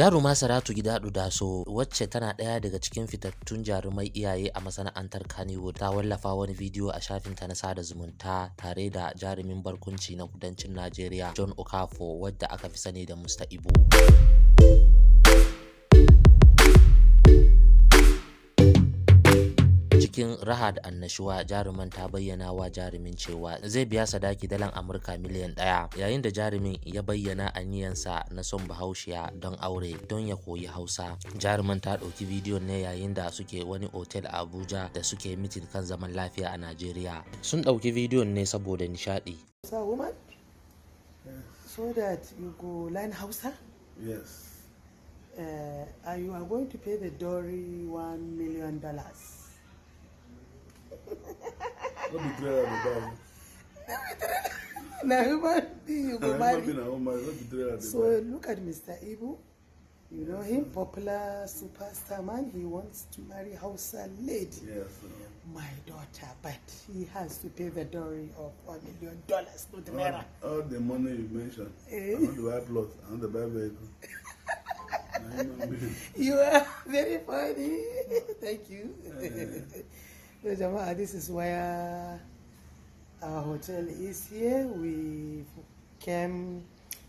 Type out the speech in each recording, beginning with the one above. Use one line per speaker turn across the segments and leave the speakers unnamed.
Jaruma Saratu gida Daso wacce tana ɗaya daga cikin fitattun jarumai iyaye a masana'antar Kannywood ta wallafa wani bidiyo a shafin ta na sada zumunta tare da jarumin barkunci na kudancin Najeriya John Okafo wadda aka fi sani da Mr. Ibo. cikin rahad annashuwa jaruman ta bayyana wa jarumin cewa zai biya sadaki dalan amurka miliyan ɗaya yayin da jarumin ya bayyana aniyansa na son bahaushiya don aure don ya koyi hausa jaruman ta ɗauki bidiyon ne yayin da suke wani otel a abuja da suke mitin kan zaman lafiya a najeriya sun ɗauki bidiyon ne saboda nishaɗi
so that you go learn Hausa? Yes. Uh, you are going to pay the dowry one million dollars. the Now you go So look at Mr. Ibu. You know him, popular superstar man. He wants to marry Hausa lady. Yes. My daughter, but he has to pay the dowry of one million dollars, not all, All the money you mentioned. Eh? I want plot. I the vehicle. you are very funny. Thank you. Eh. So Jama'a, this is where our hotel is here. We came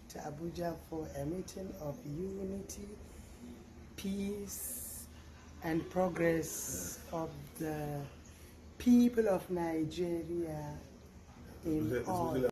to Abuja for a meeting of unity, peace and progress of the people of Nigeria in all